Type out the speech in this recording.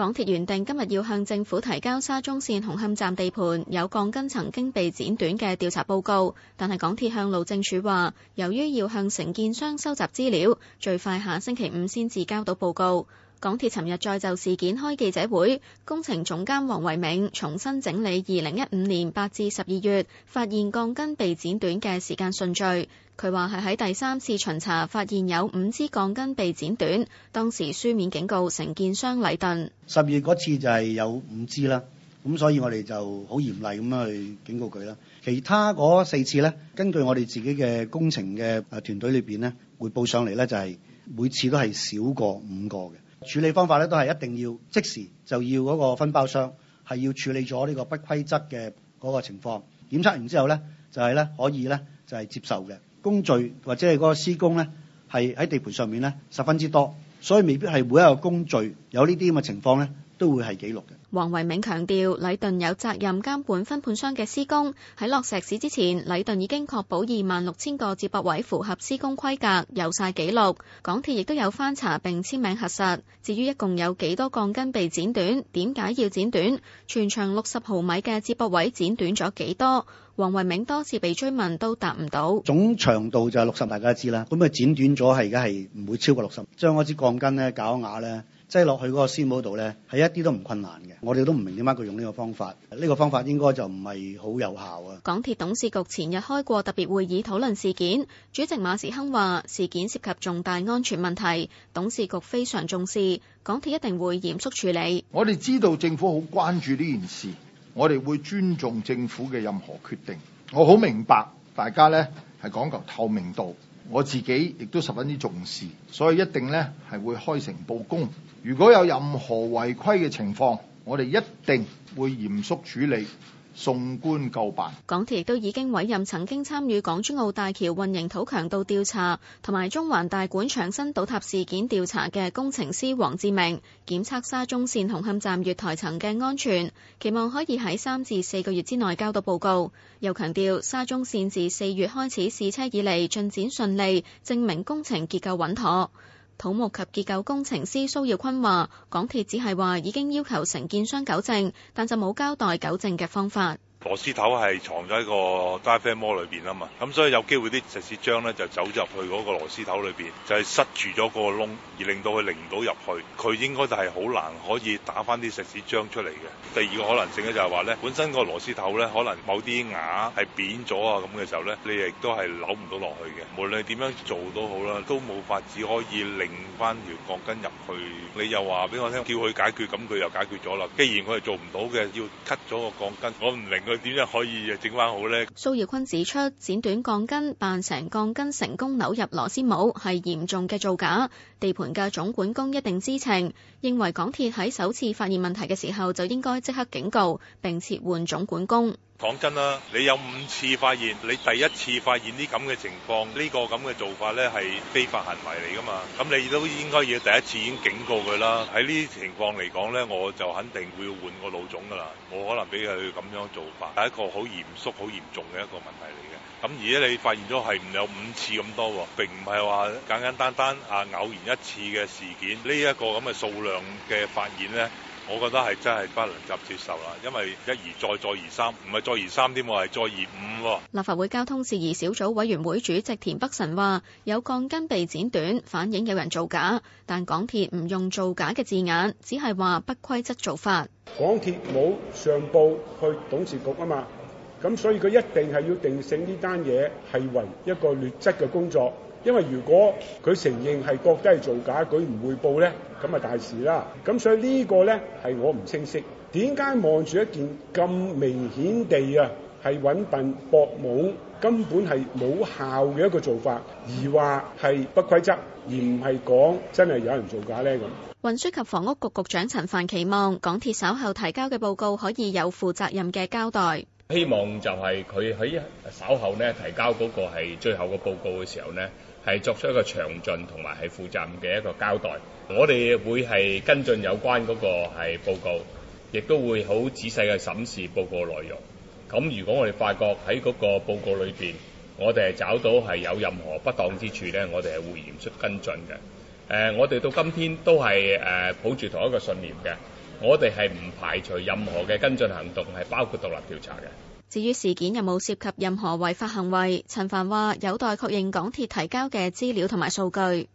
港鐵原定今日要向政府提交沙中線紅磡站地盤有鋼筋曾經被剪短嘅調查報告，但係港鐵向路政署話，由於要向承建商收集資料，最快下星期五先至交到報告。港鐵尋日再就事件開記者會，工程總監黃唯銘重新整理二零一五年八至十二月發現鋼筋被剪短嘅時間順序。佢話係喺第三次巡查發現有五支鋼筋被剪短，當時書面警告承建商禮頓。十二月嗰次就係有五支啦，咁所以我哋就好嚴厲咁樣去警告佢啦。其他嗰四次呢，根據我哋自己嘅工程嘅誒團隊裏邊咧，匯報上嚟呢，就係每次都係少過五個嘅。處理方法咧都係一定要即時就要嗰個分包商係要處理咗呢個不規則嘅嗰個情況，檢測完之後咧就係、是、咧可以咧就係接受嘅工序或者係嗰個施工咧係喺地盤上面咧十分之多，所以未必係每一個工序有呢啲咁嘅情況咧都會係記錄嘅。黃維銘強調，禮頓有責任監管分判商嘅施工，喺落石屎之前，禮頓已經確保二萬六千個接駁位符合施工規格，有晒記錄。港鐵亦都有翻查並簽名核實。至於一共有幾多鋼筋被剪短，點解要剪短？全長六十毫米嘅接駁位剪短咗幾多？黃維銘多次被追問都答唔到。總長度就係六十，大家知啦。咁啊剪短咗係而家係唔會超過六十，將嗰支鋼筋呢搞瓦咧。擠落去嗰個師母度咧，係一啲都唔困難嘅。我哋都唔明點解佢用呢個方法，呢個方法應該就唔係好有效啊。港鐵董事局前日開過特別會議討論事件，主席馬時亨話：事件涉及重大安全問題，董事局非常重視，港鐵一定會嚴肅處理。處理，我哋知道政府好關注呢件事，我哋會尊重政府嘅任何決定。我好明白大家咧係講求透明度。我自己亦都十分之重視，所以一定咧係會開誠佈公。如果有任何違規嘅情況，我哋一定會嚴肅處理。送觀舊版，港鐵亦都已經委任曾經參與港珠澳大橋運營土強度調查同埋中環大館牆身倒塌事件調查嘅工程師黃志明，檢測沙中線紅磡站月台層嘅安全，期望可以喺三至四個月之內交到報告。又強調沙中線自四月開始試車以嚟進展順利，證明工程結構穩妥。土木及結構工程師蘇耀坤話：港鐵只係話已經要求承建商糾正，但就冇交代糾正嘅方法。螺絲頭係藏咗喺個咖啡模裏邊啊嘛，咁所以有機會啲石屎漿咧就走入去嗰個螺絲頭裏邊，就係塞住咗嗰個窿，而令到佢擰唔到入去。佢應該就係好難可以打翻啲石屎漿出嚟嘅。第二個可能性咧就係話咧，本身個螺絲頭咧可能某啲牙係扁咗啊，咁嘅時候咧，你亦都係扭唔到落去嘅。無論你點樣做都好啦，都冇法子可以擰翻條鋼筋入去。你又話俾我聽，叫佢解決，咁佢又解決咗啦。既然佢係做唔到嘅，要 cut 咗個鋼筋，我唔明。佢點樣可以整翻好咧？蘇耀坤指出，剪短鋼筋扮成鋼筋成功扭入螺絲帽係嚴重嘅造假，地盤嘅總管工一定知情，認為港鐵喺首次發現問題嘅時候就應該即刻警告並撤換總管工。講真啦，你有五次發現，你第一次發現呢咁嘅情況，呢個咁嘅做法呢係非法行為嚟噶嘛？咁你都應該要第一次已經警告佢啦。喺呢啲情況嚟講呢，我就肯定會要換個老總噶啦。冇可能俾佢咁樣做法，係一個好嚴肅、好嚴重嘅一個問題嚟嘅。咁而家你發現咗係有五次咁多，並唔係話簡簡單單，單啊偶然一次嘅事件，呢一個咁嘅數量嘅發現呢。我覺得係真係不能夠接受啦，因為一而再，再而三，唔係再而三添喎，係再而五。立法會交通事宜小組委員會主席田北辰話：有鋼筋被剪短，反映有人造假，但港鐵唔用造假嘅字眼，只係話不規則做法。港鐵冇上報去董事局啊嘛，咁所以佢一定係要定性呢單嘢係為一個劣質嘅工作。因為如果佢承認係覺得係造假，佢唔會報咧，咁啊大事啦。咁所以呢個咧係我唔清晰，點解望住一件咁明顯地啊係揾笨博懵，根本係冇效嘅一個做法，而話係不規則，而唔係講真係有人造假咧咁。運輸及房屋局局長陳帆期望港鐵稍後提交嘅報告可以有負責任嘅交代。希望就係佢喺稍後咧提交嗰個係最後嘅報告嘅時候咧。係作出一個詳盡同埋係負責任嘅一個交代，我哋會係跟進有關嗰個係報告，亦都會好仔細嘅審視報告內容。咁如果我哋發覺喺嗰個報告裏邊，我哋係找到係有任何不當之處呢，我哋係會嚴肅跟進嘅。誒，我哋到今天都係誒抱住同一個信念嘅，我哋係唔排除任何嘅跟進行動，係包括獨立調查嘅。至於事件有冇涉及任何違法行為，陳帆話有待確認港鐵提交嘅資料同埋數據。